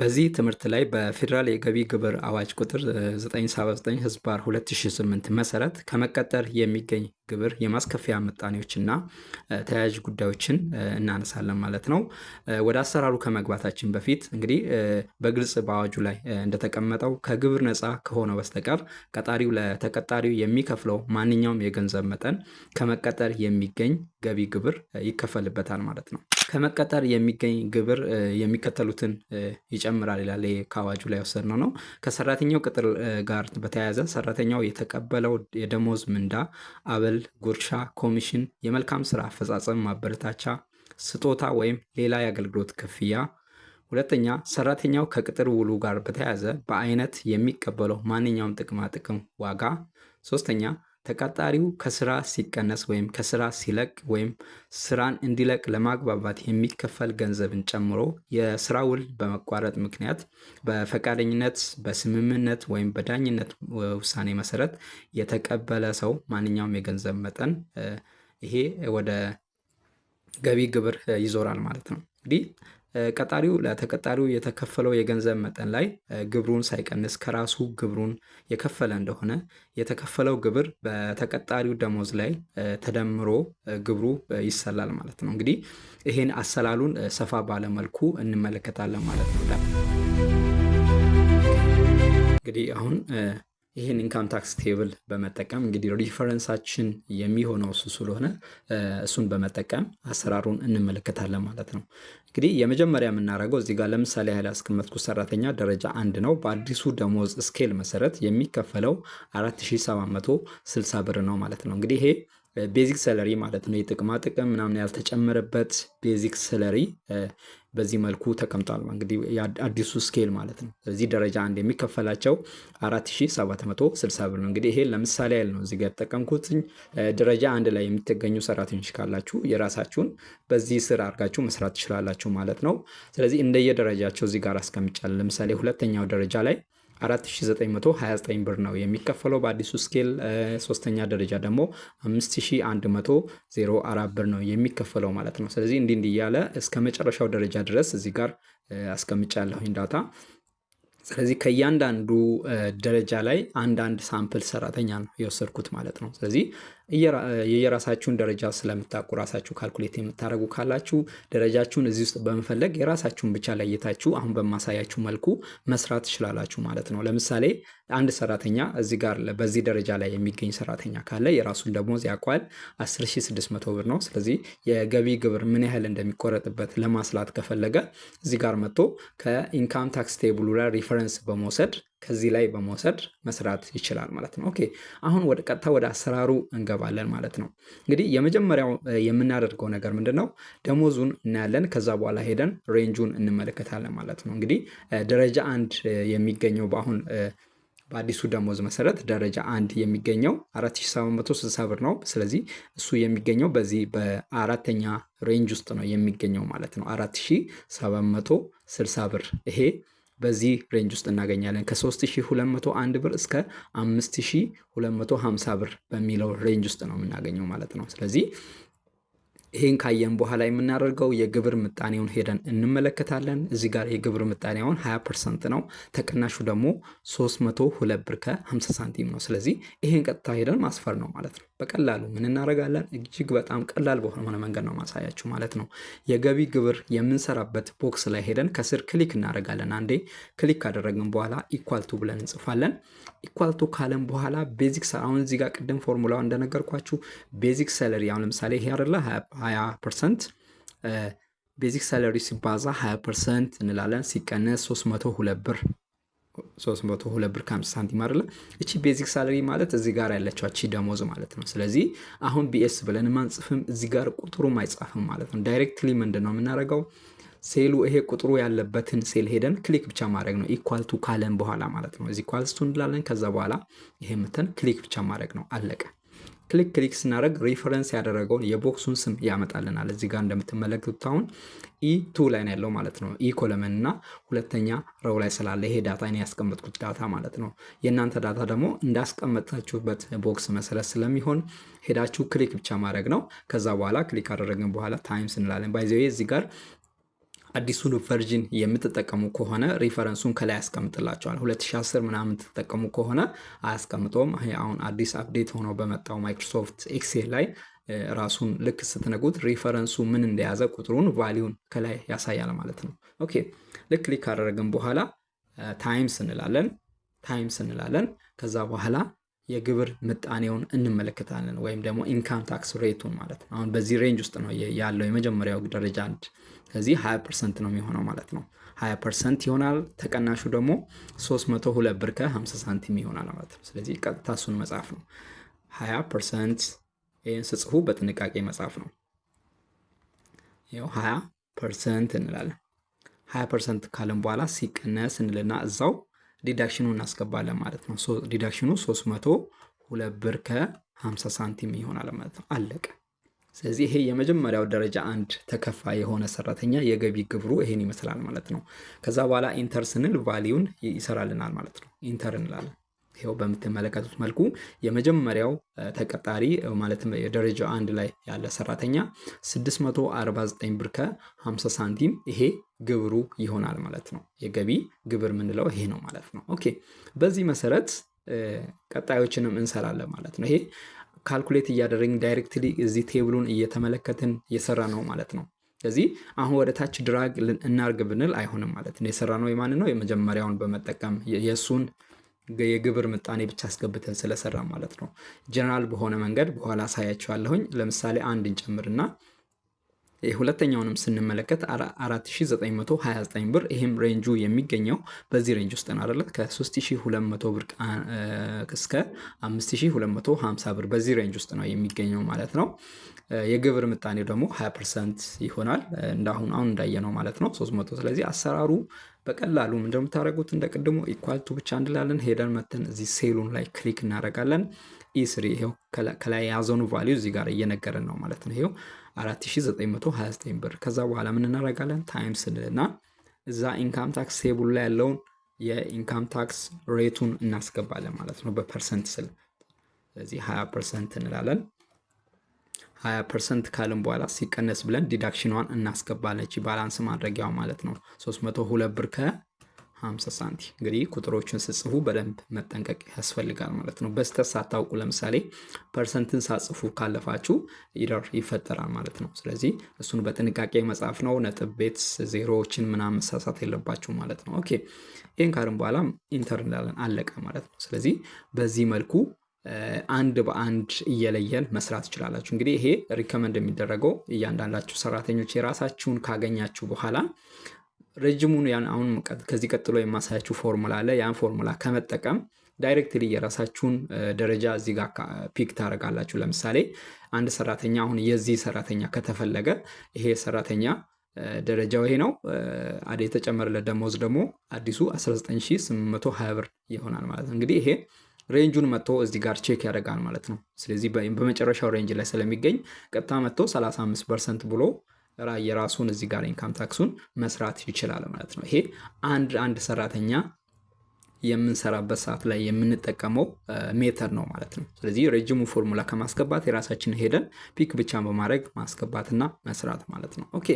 በዚህ ትምህርት ላይ በፌዴራል የገቢ ግብር አዋጅ ቁጥር 979 ህዝባር 2008 መሰረት ከመቀጠር የሚገኝ ግብር የማስከፊያ ምጣኔዎችና ተያያዥ ጉዳዮችን እናነሳለን ማለት ነው። ወደ አሰራሩ ከመግባታችን በፊት እንግዲህ በግልጽ በአዋጁ ላይ እንደተቀመጠው ከግብር ነፃ ከሆነ በስተቀር ቀጣሪው ለተቀጣሪው የሚከፍለው ማንኛውም የገንዘብ መጠን ከመቀጠር የሚገኝ ገቢ ግብር ይከፈልበታል ማለት ነው። ከመቀጠር የሚገኝ ግብር የሚከተሉትን ይጨምራል ይላል። ከአዋጁ ላይ የወሰድነው ነው። ከሰራተኛው ቅጥር ጋር በተያያዘ ሰራተኛው የተቀበለው የደሞዝ ምንዳ፣ አበል፣ ጉርሻ፣ ኮሚሽን፣ የመልካም ስራ አፈጻጸም ማበረታቻ፣ ስጦታ ወይም ሌላ የአገልግሎት ክፍያ ሁለተኛ ሰራተኛው ከቅጥር ውሉ ጋር በተያያዘ በአይነት የሚቀበለው ማንኛውም ጥቅማ ጥቅም ዋጋ። ሶስተኛ ተቀጣሪው ከስራ ሲቀነስ ወይም ከስራ ሲለቅ ወይም ስራን እንዲለቅ ለማግባባት የሚከፈል ገንዘብን ጨምሮ የስራ ውል በመቋረጥ ምክንያት በፈቃደኝነት በስምምነት ወይም በዳኝነት ውሳኔ መሰረት የተቀበለ ሰው ማንኛውም የገንዘብ መጠን ይሄ ወደ ገቢ ግብር ይዞራል ማለት ነው። እንግዲህ ቀጣሪው ለተቀጣሪው የተከፈለው የገንዘብ መጠን ላይ ግብሩን ሳይቀንስ ከራሱ ግብሩን የከፈለ እንደሆነ የተከፈለው ግብር በተቀጣሪው ደሞዝ ላይ ተደምሮ ግብሩ ይሰላል ማለት ነው። እንግዲህ ይህን አሰላሉን ሰፋ ባለመልኩ እንመለከታለን ማለት ነው። እንግዲህ አሁን ይህን ኢንካም ታክስ ቴብል በመጠቀም እንግዲህ ሪፈረንሳችን የሚሆነው እሱ ስለሆነ እሱን በመጠቀም አሰራሩን እንመለከታለን ማለት ነው። እንግዲህ የመጀመሪያ የምናደርገው እዚህ ጋር ለምሳሌ ያህል ያስቀመጥኩት ሰራተኛ ደረጃ አንድ ነው። በአዲሱ ደሞዝ ስኬል መሰረት የሚከፈለው 4760 ብር ነው ማለት ነው። እንግዲህ ይሄ ቤዚክ ሰለሪ ማለት ነው። የጥቅማ ጥቅም ምናምን ያልተጨመረበት ቤዚክ ሰለሪ በዚህ መልኩ ተቀምጧል። እንግዲህ አዲሱ ስኬል ማለት ነው። በዚህ ደረጃ አንድ የሚከፈላቸው 4760 ብር ነው። እንግዲህ ይሄ ለምሳሌ ያህል ነው እዚጋ የተጠቀምኩት። ደረጃ አንድ ላይ የምትገኙ ሰራተኞች ካላችሁ የራሳችሁን በዚህ ስር አድርጋችሁ መስራት ትችላላችሁ ማለት ነው። ስለዚህ እንደየደረጃቸው እዚህ ጋር አስቀምጫለሁ። ለምሳሌ ሁለተኛው ደረጃ ላይ 4929 ብር ነው የሚከፈለው በአዲሱ ስኬል። ሶስተኛ ደረጃ ደግሞ 5104 ብር ነው የሚከፈለው ማለት ነው። ስለዚህ እንዲህ እንዲህ እያለ እስከ መጨረሻው ደረጃ ድረስ እዚህ ጋር ያለሁኝ ዳታ። ስለዚህ ከእያንዳንዱ ደረጃ ላይ አንዳንድ ሳምፕል ሰራተኛ ነው የወሰድኩት ማለት ነው። ስለዚህ የየራሳችሁን ደረጃ ስለምታውቁ ራሳችሁ ካልኩሌት የምታደረጉ ካላችሁ ደረጃችሁን እዚህ ውስጥ በመፈለግ የራሳችሁን ብቻ ለየታችሁ አሁን በማሳያችሁ መልኩ መስራት ትችላላችሁ ማለት ነው። ለምሳሌ አንድ ሰራተኛ እዚህ ጋር በዚህ ደረጃ ላይ የሚገኝ ሰራተኛ ካለ የራሱን ደሞዝ ያውቃል፣ 10600 ብር ነው። ስለዚህ የገቢ ግብር ምን ያህል እንደሚቆረጥበት ለማስላት ከፈለገ እዚህ ጋር መጥቶ ከኢንካም ታክስ ቴብሉ ላይ ሪፈረንስ በመውሰድ ከዚህ ላይ በመውሰድ መስራት ይችላል ማለት ነው። ኦኬ አሁን ወደ ቀጥታ ወደ አሰራሩ እንገባለን ማለት ነው። እንግዲህ የመጀመሪያው የምናደርገው ነገር ምንድን ነው? ደሞዙን እናያለን። ከዛ በኋላ ሄደን ሬንጁን እንመለከታለን ማለት ነው። እንግዲህ ደረጃ አንድ የሚገኘው በአሁን በአዲሱ ደሞዝ መሰረት ደረጃ አንድ የሚገኘው 4760 ብር ነው። ስለዚህ እሱ የሚገኘው በዚህ በአራተኛ ሬንጅ ውስጥ ነው የሚገኘው ማለት ነው 4760 ብር ይሄ በዚህ ሬንጅ ውስጥ እናገኛለን። ከ3201 ብር እስከ 5250 ብር በሚለው ሬንጅ ውስጥ ነው የምናገኘው ማለት ነው። ስለዚህ ይህን ካየን በኋላ የምናደርገው የግብር ምጣኔውን ሄደን እንመለከታለን። እዚህ ጋር የግብር ምጣኔውን 20 ፐርሰንት ነው። ተቀናሹ ደግሞ 302 ብር ከ50 ሳንቲም ነው። ስለዚህ ይህን ቀጥታ ሄደን ማስፈር ነው ማለት ነው። በቀላሉ ምን እናደርጋለን? እጅግ በጣም ቀላል በሆነ መንገድ ነው ማሳያችሁ ማለት ነው። የገቢ ግብር የምንሰራበት ቦክስ ላይ ሄደን ከስር ክሊክ እናደርጋለን። አንዴ ክሊክ ካደረግን በኋላ ኢኳልቱ ብለን እንጽፋለን። ኢኳልቱ ካለን በኋላ ቤዚክ አሁን እዚህ ጋር ቅድም ፎርሙላው እንደነገርኳችሁ ቤዚክ ሰለሪ አሁን ለምሳሌ ይሄ አይደለ 20 ፐርሰንት ቤዚክ ሰለሪ ሲባዛ 20 ፐርሰንት እንላለን ሲቀነስ 302 ብር 302 ብር 5 ሳንቲም አይደለ? እቺ ቤዚክ ሳለሪ ማለት እዚህ ጋር ያለችው እቺ ደሞዝ ማለት ነው። ስለዚህ አሁን ቢኤስ ብለን ማንጽፍም እዚህ ጋር ቁጥሩ አይጻፍም ማለት ነው። ዳይሬክትሊ ምንድን ነው የምናደርገው? ሴሉ ይሄ ቁጥሩ ያለበትን ሴል ሄደን ክሊክ ብቻ ማድረግ ነው። ኢኳልቱ ካለን በኋላ ማለት ነው። እዚህ ኳልስቱ እንላለን። ከዛ በኋላ ይሄ ምትን ክሊክ ብቻ ማድረግ ነው። አለቀ። ክሊክ ክሊክ ስናደረግ ሪፈረንስ ያደረገውን የቦክሱን ስም ያመጣልናል። እዚህ ጋር እንደምትመለከቱት አሁን ኢ ቱ ላይ ነው ያለው ማለት ነው። ኢ ኮለመን እና ሁለተኛ ረው ላይ ስላለ ይሄ ዳታ እኔ ያስቀመጥኩት ዳታ ማለት ነው። የእናንተ ዳታ ደግሞ እንዳስቀመጣችሁበት ቦክስ መሰረት ስለሚሆን ሄዳችሁ ክሊክ ብቻ ማድረግ ነው። ከዛ በኋላ ክሊክ አደረግን በኋላ ታይምስ እንላለን። ባይዘ እዚህ ጋር አዲሱን ቨርዥን የምትጠቀሙ ከሆነ ሪፈረንሱን ከላይ ያስቀምጥላቸዋል። 2010 ምናምን የምትጠቀሙ ከሆነ አያስቀምጠውም። አሁን አዲስ አፕዴት ሆኖ በመጣው ማይክሮሶፍት ኤክሴል ላይ ራሱን ልክ ስትነጉት ሪፈረንሱ ምን እንደያዘ ቁጥሩን ቫሊዩን ከላይ ያሳያል ማለት ነው። ኦኬ ልክ ክሊክ ካደረግን በኋላ ታይምስ እንላለን ታይምስ እንላለን። ከዛ በኋላ የግብር ምጣኔውን እንመለከታለን ወይም ደግሞ ኢንካም ታክስ ሬቱን ማለት ነው። አሁን በዚህ ሬንጅ ውስጥ ነው ያለው የመጀመሪያው ደረጃ አንድ ከዚህ 20 ፐርሰንት ነው የሚሆነው ማለት ነው። 20 ፐርሰንት ይሆናል። ተቀናሹ ደግሞ 302 ብር ከ50 ሳንቲም ይሆናል ማለት ነው። ስለዚህ ቀጥታ እሱን መጽሐፍ ነው 20 ፐርሰንት። ይህን ስጽፉ በጥንቃቄ መጽሐፍ ነው። ይኸው 20 ፐርሰንት እንላለን። 20 ፐርሰንት ካለን በኋላ ሲቀነስ እንልና እዛው ዲዳክሽኑ እናስገባለን ማለት ነው። ዲዳክሽኑ 302 ብር ከ50 ሳንቲም ይሆናል ማለት ነው። አለቀ። ስለዚህ ይሄ የመጀመሪያው ደረጃ አንድ ተከፋ የሆነ ሰራተኛ የገቢ ግብሩ ይሄን ይመስላል ማለት ነው። ከዛ በኋላ ኢንተር ስንል ቫሊዩን ይሰራልናል ማለት ነው። ኢንተር እንላለን። ይኸው በምትመለከቱት መልኩ የመጀመሪያው ተቀጣሪ ማለትም የደረጃ አንድ ላይ ያለ ሰራተኛ 649 ብር ከ50 ሳንቲም ይሄ ግብሩ ይሆናል ማለት ነው። የገቢ ግብር የምንለው ይሄ ነው ማለት ነው። ኦኬ በዚህ መሰረት ቀጣዮችንም እንሰራለን ማለት ነው። ይሄ ካልኩሌት እያደረግን ዳይሬክትሊ እዚህ ቴብሉን እየተመለከትን እየሰራ ነው ማለት ነው። ስለዚህ አሁን ወደ ታች ድራግ እናርግ ብንል አይሆንም ማለት ነው። የሰራ ነው የማን ነው? የመጀመሪያውን በመጠቀም የእሱን የግብር ምጣኔ ብቻ አስገብተን ስለሰራ ማለት ነው። ጀነራል በሆነ መንገድ በኋላ አሳያችኋለሁኝ። ለምሳሌ አንድ እንጨምርና ሁለተኛውንም ስንመለከት 4929 ብር ይህም ሬንጁ የሚገኘው በዚህ ሬንጅ ውስጥ ነው አይደለ? ከ3200 ብር እስከ 5250 ብር በዚህ ሬንጅ ውስጥ ነው የሚገኘው ማለት ነው። የግብር ምጣኔ ደግሞ 20 ፐርሰንት ይሆናል እንዳሁን አሁን እንዳየ ነው ማለት ነው 300 ስለዚህ አሰራሩ በቀላሉ እንደምታደርጉት እንደ ቅድሞ ኢኳልቱ ብቻ እንላለን። ሄደን መተን እዚህ ሴሉን ላይ ክሊክ እናደርጋለን። ኢስሪ ይኸው ከላይ የያዘውን ቫሊዩ እዚህ ጋር እየነገረን ነው ማለት ነው። ይኸው 4929 ብር። ከዛ በኋላ ምን እናደርጋለን? ታይምስ እና እዛ ኢንካም ታክስ ቴብል ላይ ያለውን የኢንካም ታክስ ሬቱን እናስገባለን ማለት ነው በፐርሰንት ስል። ስለዚህ 20 ፐርሰንት እንላለን። 20 ፐርሰንት ካልን በኋላ ሲቀነስ ብለን ዲዳክሽኗን እናስገባለች ባላንስ ማድረጊያው ማለት ነው 302 ብር ከ 50 ሳንቲም። እንግዲህ ቁጥሮችን ስጽፉ በደንብ መጠንቀቅ ያስፈልጋል ማለት ነው። በስተት ሳታውቁ ለምሳሌ ፐርሰንትን ሳጽፉ ካለፋችሁ ኢደር ይፈጠራል ማለት ነው። ስለዚህ እሱን በጥንቃቄ መጻፍ ነው። ነጥብ ቤት ዜሮዎችን ምናምን መሳሳት የለባችሁ ማለት ነው። ኦኬ ይህን ካርን በኋላ ኢንተር እንዳለን አለቀ ማለት ነው። ስለዚህ በዚህ መልኩ አንድ በአንድ እየለየን መስራት ይችላላችሁ። እንግዲህ ይሄ ሪከመንድ የሚደረገው እያንዳንዳችሁ ሰራተኞች የራሳችሁን ካገኛችሁ በኋላ ረጅሙን ያን አሁን ከዚህ ቀጥሎ የማሳያችሁ ፎርሙላ አለ። ያን ፎርሙላ ከመጠቀም ዳይሬክትሊ የራሳችሁን ደረጃ እዚህ ጋር ፒክ ታደርጋላችሁ። ለምሳሌ አንድ ሰራተኛ አሁን የዚህ ሰራተኛ ከተፈለገ ይሄ ሰራተኛ ደረጃው ይሄ ነው። አደ የተጨመረለት ደሞዝ ደግሞ አዲሱ 19820 ብር ይሆናል ማለት ነው። እንግዲህ ይሄ ሬንጁን መጥቶ እዚህ ጋር ቼክ ያደርጋል ማለት ነው። ስለዚህ በመጨረሻው ሬንጅ ላይ ስለሚገኝ ቀጥታ መጥቶ 35 ፐርሰንት ብሎ የራሱን እዚህ ጋር ኢንካም ታክሱን መስራት ይችላል ማለት ነው። ይሄ አንድ አንድ ሰራተኛ የምንሰራበት ሰዓት ላይ የምንጠቀመው ሜተር ነው ማለት ነው። ስለዚህ ረጅሙ ፎርሙላ ከማስገባት የራሳችን ሄደን ፒክ ብቻን በማድረግ ማስገባትና መስራት ማለት ነው። ኦኬ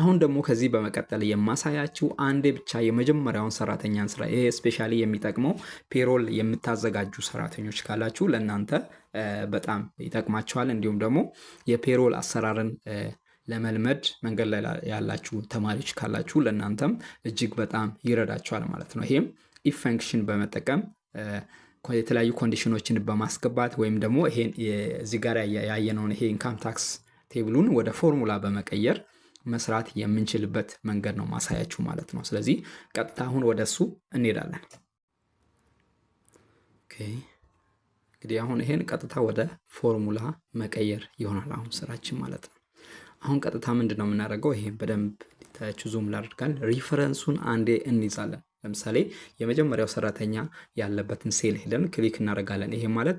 አሁን ደግሞ ከዚህ በመቀጠል የማሳያችው አንዴ ብቻ የመጀመሪያውን ሰራተኛን ስራ ይሄ ስፔሻሊ የሚጠቅመው ፔሮል የምታዘጋጁ ሰራተኞች ካላችሁ ለእናንተ በጣም ይጠቅማቸዋል። እንዲሁም ደግሞ የፔሮል አሰራርን ለመልመድ መንገድ ላይ ያላችሁ ተማሪዎች ካላችሁ ለእናንተም እጅግ በጣም ይረዳቸዋል ማለት ነው። ይሄም ኢፍ ፈንክሽን በመጠቀም የተለያዩ ኮንዲሽኖችን በማስገባት ወይም ደግሞ ይሄን እዚህ ጋር ያየነውን ይሄ ኢንካም ታክስ ቴብሉን ወደ ፎርሙላ በመቀየር መስራት የምንችልበት መንገድ ነው ማሳያችሁ ማለት ነው። ስለዚህ ቀጥታ አሁን ወደ እሱ እንሄዳለን። እንግዲህ አሁን ይሄን ቀጥታ ወደ ፎርሙላ መቀየር ይሆናል አሁን ስራችን ማለት ነው። አሁን ቀጥታ ምንድን ነው የምናደርገው? ይሄ በደንብ ታያችሁ ዙም ላድርጋል። ሪፈረንሱን አንዴ እንይዛለን። ለምሳሌ የመጀመሪያው ሰራተኛ ያለበትን ሴል ሄደን ክሊክ እናደርጋለን። ይሄ ማለት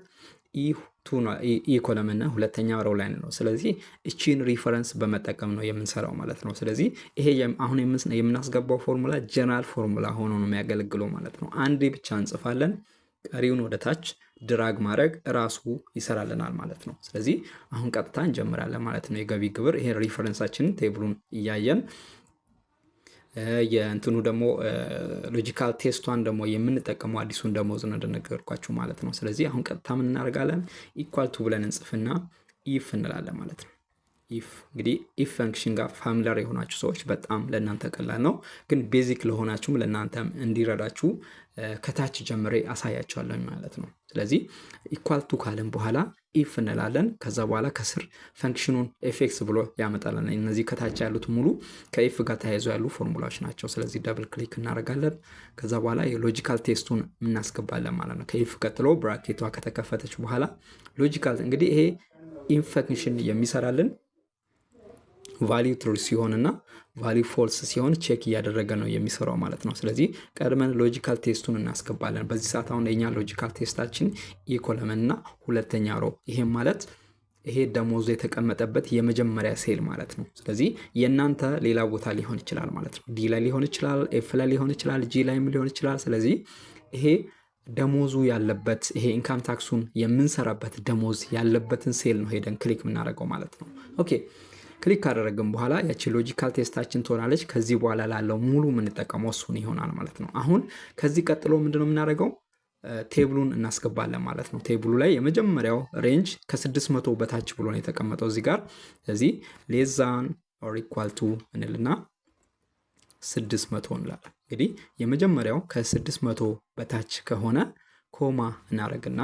ኢ ኮለምና ሁለተኛ ረው ላይ ነው። ስለዚህ እቺን ሪፈረንስ በመጠቀም ነው የምንሰራው ማለት ነው። ስለዚህ ይሄ አሁን የምናስገባው ፎርሙላ ጀነራል ፎርሙላ ሆኖ ነው የሚያገለግለው ማለት ነው። አንዴ ብቻ እንጽፋለን። ቀሪውን ወደ ታች ድራግ ማድረግ ራሱ ይሰራልናል ማለት ነው። ስለዚህ አሁን ቀጥታ እንጀምራለን ማለት ነው። የገቢ ግብር ይሄን ሪፈረንሳችንን ቴብሉን እያየን የእንትኑ ደግሞ ሎጂካል ቴስቷን ደግሞ የምንጠቀመው አዲሱን ደሞዝ ነው እንደነገርኳችሁ ማለት ነው። ስለዚህ አሁን ቀጥታ ምን እናደርጋለን? ኢኳልቱ ብለን እንጽፍና ኢፍ እንላለን ማለት ነው። ኢፍ እንግዲህ ኢፍ ፈንክሽን ጋር ፋሚለር የሆናችሁ ሰዎች በጣም ለእናንተ ቀላል ነው፣ ግን ቤዚክ ለሆናችሁም ለእናንተም እንዲረዳችሁ ከታች ጀምሬ አሳያቸዋለን ማለት ነው። ስለዚህ ኢኳል ቱ ካለን በኋላ ኢፍ እንላለን። ከዛ በኋላ ከስር ፈንክሽኑን ኤፌክስ ብሎ ያመጣለን። እነዚህ ከታች ያሉት ሙሉ ከኢፍ ጋር ተያይዞ ያሉ ፎርሙላዎች ናቸው። ስለዚህ ደብል ክሊክ እናደርጋለን። ከዛ በኋላ የሎጂካል ቴስቱን እናስገባለን ማለት ነው። ከኢፍ ቀጥሎ ብራኬቷ ከተከፈተች በኋላ ሎጂካል እንግዲህ ይሄ ኢንፈንክሽን የሚሰራልን ቫሊዩ ትሩ ሲሆን ቫሊዩ ፎልስ ሲሆን ቼክ እያደረገ ነው የሚሰራው ማለት ነው። ስለዚህ ቀድመን ሎጂካል ቴስቱን እናስገባለን። በዚህ ሰዓት አሁን የኛ ሎጂካል ቴስታችን ኢኮለመን እና ሁለተኛ ሮ ይሄም ማለት ይሄ ደሞዙ የተቀመጠበት የመጀመሪያ ሴል ማለት ነው። ስለዚህ የእናንተ ሌላ ቦታ ሊሆን ይችላል ማለት ነው። ዲ ላይ ሊሆን ይችላል፣ ኤፍ ላይ ሊሆን ይችላል፣ ጂ ላይም ሊሆን ይችላል። ስለዚህ ይሄ ደሞዙ ያለበት ይሄ ኢንካም ታክሱን የምንሰራበት ደሞዝ ያለበትን ሴል ነው ሄደን ክሊክ የምናደርገው ማለት ነው። ኦኬ ክሊክ ካደረግን በኋላ ያቺ ሎጂካል ቴስታችን ትሆናለች። ከዚህ በኋላ ላለው ሙሉ የምንጠቀመው እሱን ይሆናል ማለት ነው። አሁን ከዚህ ቀጥሎ ምንድነው የምናደርገው? ቴብሉን እናስገባለን ማለት ነው። ቴብሉ ላይ የመጀመሪያው ሬንጅ ከ600 በታች ብሎ ነው የተቀመጠው እዚህ ጋር። ስለዚህ ሌዛን ኦር ኢኳል ቱ እንልና 600 እንላለን። እንግዲህ የመጀመሪያው ከ600 በታች ከሆነ ኮማ እናደርግና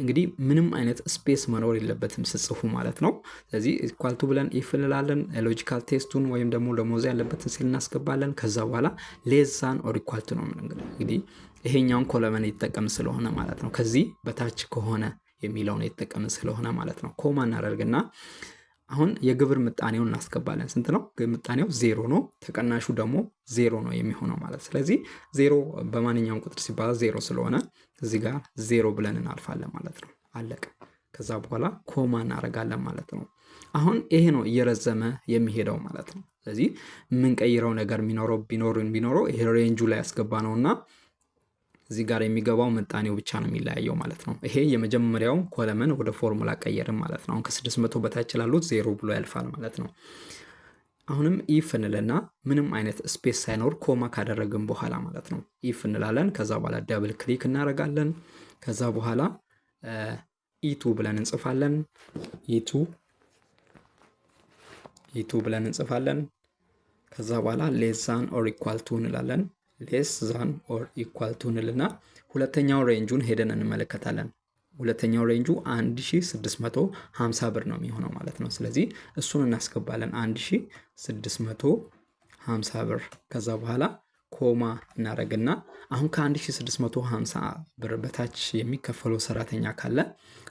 እንግዲህ ምንም አይነት ስፔስ መኖር የለበትም ስጽፉ ማለት ነው። ስለዚህ ኢኳልቱ ብለን ኢፍ እንላለን። ሎጂካል ቴስቱን ወይም ደግሞ ለሞዛ ያለበትን ሲል እናስገባለን። ከዛ በኋላ ሌዛን ኦር ኢኳልቱ ነው እንግዲህ ይሄኛውን ኮለመን ይጠቀም ስለሆነ ማለት ነው። ከዚህ በታች ከሆነ የሚለውን የተጠቀምን ስለሆነ ማለት ነው። ኮማ እናደርግና አሁን የግብር ምጣኔው እናስገባለን። ስንት ነው ምጣኔው? ዜሮ ነው። ተቀናሹ ደግሞ ዜሮ ነው የሚሆነው ማለት። ስለዚህ ዜሮ በማንኛውም ቁጥር ሲባዛ ዜሮ ስለሆነ እዚህ ጋር ዜሮ ብለን እናልፋለን ማለት ነው። አለቀ። ከዛ በኋላ ኮማ እናደርጋለን ማለት ነው። አሁን ይሄ ነው እየረዘመ የሚሄደው ማለት ነው። ስለዚህ የምንቀይረው ነገር ቢኖረው ቢኖረው ይሄ ሬንጁ ላይ ያስገባ ነውና እዚህ ጋር የሚገባው ምጣኔው ብቻ ነው የሚለያየው ማለት ነው። ይሄ የመጀመሪያው ኮለመን ወደ ፎርሙላ ቀየርም ማለት ነው። አሁን ከ600 በታች ላሉት ዜሮ ብሎ ያልፋል ማለት ነው። አሁንም ኢፍ እንልና ምንም አይነት ስፔስ ሳይኖር ኮማ ካደረግን በኋላ ማለት ነው ኢፍ እንላለን። ከዛ በኋላ ደብል ክሊክ እናደርጋለን። ከዛ በኋላ ኢቱ e ብለን እንጽፋለን። ኢቱ e ኢቱ e ብለን እንጽፋለን። ከዛ በኋላ ሌዛን ኦር ኢኳል ቱ እንላለን። ሌስ ዛን ኦር ኢኳል ቱ እንልና ሁለተኛው ሬንጁን ሄደን እንመለከታለን። ሁለተኛው ሬንጁ 1650 ብር ነው የሚሆነው ማለት ነው። ስለዚህ እሱን እናስገባለን 1650 ብር። ከዛ በኋላ ኮማ እናደረግና አሁን ከ1650 ብር በታች የሚከፈለው ሰራተኛ ካለ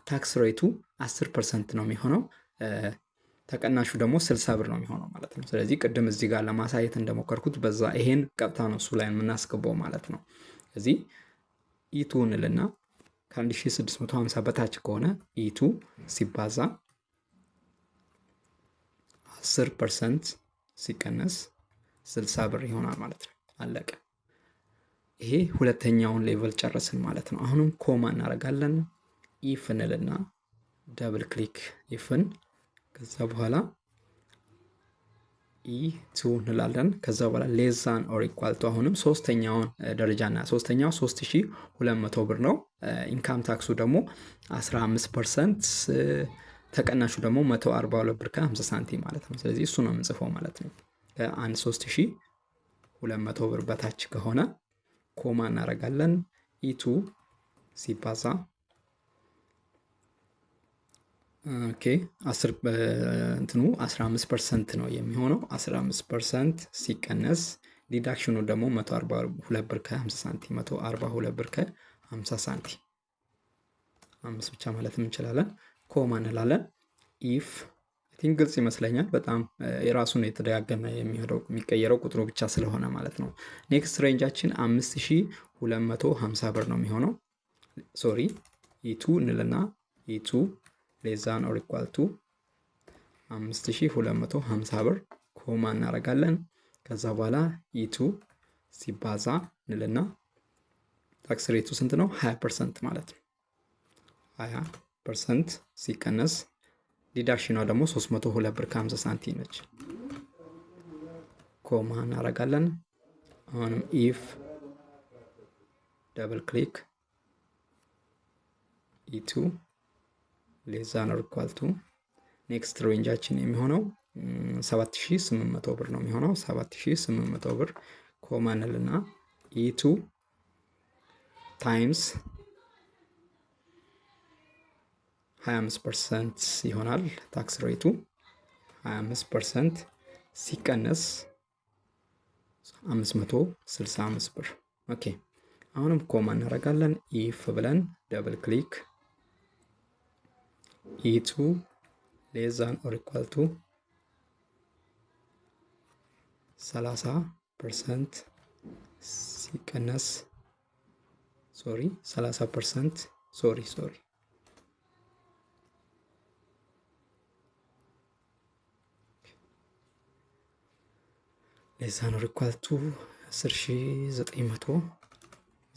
ታክስ ሬቱ 10 ፐርሰንት ነው የሚሆነው። ተቀናሹ ደግሞ ስልሳ ብር ነው የሚሆነው ማለት ነው። ስለዚህ ቅድም እዚህ ጋር ለማሳየት እንደሞከርኩት በዛ ይሄን ቀጥታ ነው እሱ ላይ የምናስገባው ማለት ነው። እዚህ ኢቱ እንልና ከ1650 በታች ከሆነ ኢቱ ሲባዛ 10 ፐርሰንት ሲቀነስ 60 ብር ይሆናል ማለት ነው። አለቀ። ይሄ ሁለተኛውን ሌቨል ጨረስን ማለት ነው። አሁንም ኮማ እናደርጋለን። ኢፍ እንልና ደብል ክሊክ ኢፍን ከዛ በኋላ ኢቱ እንላለን። ከዛ በኋላ ሌዛን ኦር ኢኳልቱ አሁንም ሶስተኛውን ደረጃ ደረጃና ሶስተኛው 3200 ብር ነው። ኢንካም ታክሱ ደግሞ 15 ፐርሰንት ተቀናሹ ደግሞ 142 ብር ከ50 ሳንቲም ማለት ነው። ስለዚህ እሱ ነው የምንጽፈው ማለት ነው። ከአንድ 3200 ብር በታች ከሆነ ኮማ እናደርጋለን ኢቱ ሲባዛ ኦኬ 15 ፐርሰንት ነው የሚሆነው 15 ፐርሰንት ሲቀነስ ዲዳክሽኑ ደግሞ 142 ብር ከ50 ሳንቲም 142 ብር ከ50 ሳንቲም አምስት ብቻ ማለትም እንችላለን። ኮማ እንላለን። ኢፍ ቲንክ ግልጽ ይመስለኛል። በጣም የራሱን የተደጋገመ የሚሄደው የሚቀየረው ቁጥሩ ብቻ ስለሆነ ማለት ነው። ኔክስት ሬንጃችን 5250 ብር ነው የሚሆነው። ሶሪ ኢቱ እንልና ኢቱ ሌስ ዛን ኦር ኢኳል ቱ 5250 ብር ኮማ እናደርጋለን። ከዛ በኋላ ኢቱ e ሲባዛ እንልና ታክስ ሬቱ ስንት ነው? 20 ፐርሰንት ማለት ነው። 20 ፐርሰንት ሲቀነስ ዲዳክሽኗ ደግሞ 302 ብር ከ50 ሳንቲም ነች። ኮማ እናደርጋለን። አሁንም ኢፍ ደብል ክሊክ ኢቱ ለዛ ነው ሪኳልቱ ኔክስት ሬንጃችን የሚሆነው 7800 ብር ነው የሚሆነው 7800 ብር ኮማንልና ኢቱ ታይምስ 25 ፐርሰንት ይሆናል ታክስ ሬቱ 25 ፐርሰንት ሲቀነስ 565 ብር ኦኬ አሁንም ኮማ እናደርጋለን ኢፍ e ብለን ደብል ክሊክ e2 less than or equal to ፐርሰንት ሲቀነስ ሶሪ 30 ፐርሰንት ሶሪ ሶሪ ሌዛን ሪኳልቱ 10900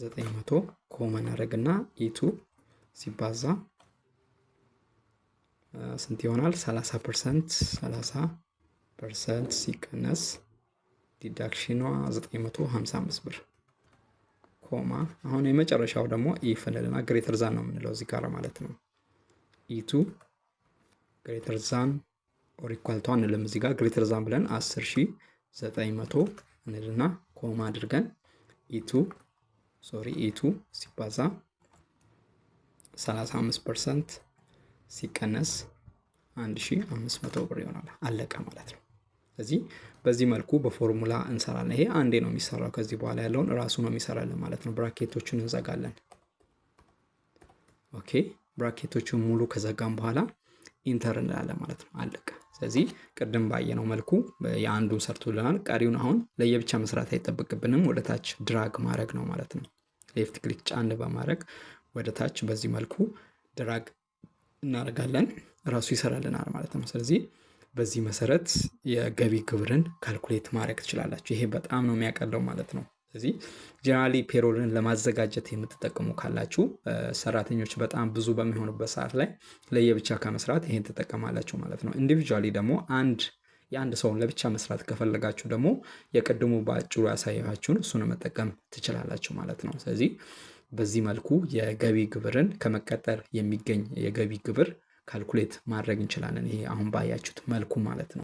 900 ኮመን አረግና ኢቱ e ሲባዛ ስንት ይሆናል? 30 ፐርሰንት 30 ፐርሰንት ሲቀነስ ዲዳክሽኗ 955 ብር ኮማ። አሁን የመጨረሻው ደግሞ ኢፍ እንልና ግሬተር ዛን ነው የምንለው እዚህ ጋር ማለት ነው። ኢቱ ግሬተር ዛን ኦር ኢኳል ቱ አንልም እዚህ ጋር ግሬተር ዛን ብለን 10900 እንልና ኮማ አድርገን ኢቱ ሶሪ ኢቱ ሲባዛ 35 ፐርሰንት ሲቀነስ 1500 ብር ይሆናል። አለቀ ማለት ነው። ስለዚህ በዚህ መልኩ በፎርሙላ እንሰራለን። ይሄ አንዴ ነው የሚሰራው። ከዚህ በኋላ ያለውን ራሱ ነው የሚሰራለን ማለት ነው። ብራኬቶቹን እንዘጋለን። ኦኬ ብራኬቶቹን ሙሉ ከዘጋም በኋላ ኢንተር እንላለን ማለት ነው። አለቀ። ስለዚህ ቅድም ባየነው መልኩ የአንዱን ሰርቶልናል። ቀሪውን አሁን ለየብቻ መስራት አይጠበቅብንም። ወደታች ድራግ ማድረግ ነው ማለት ነው። ሌፍት ክሊክ ጫን በማድረግ ወደታች በዚህ መልኩ ድራግ እናደርጋለን ራሱ ይሰራልናል ማለት ነው። ስለዚህ በዚህ መሰረት የገቢ ግብርን ካልኩሌት ማድረግ ትችላላችሁ። ይሄ በጣም ነው የሚያቀለው ማለት ነው። ስለዚህ ጀነራሊ ፔሮልን ለማዘጋጀት የምትጠቀሙ ካላችሁ ሰራተኞች በጣም ብዙ በሚሆኑበት ሰዓት ላይ ለየብቻ ከመስራት ይሄን ትጠቀማላችሁ ማለት ነው። ኢንዲቪጁዋሊ ደግሞ አንድ የአንድ ሰውን ለብቻ መስራት ከፈለጋችሁ ደግሞ የቅድሙ በአጭሩ ያሳያችሁን እሱን መጠቀም ትችላላችሁ ማለት ነው። ስለዚህ በዚህ መልኩ የገቢ ግብርን ከመቀጠር የሚገኝ የገቢ ግብር ካልኩሌት ማድረግ እንችላለን። ይሄ አሁን ባያችሁት መልኩ ማለት ነው።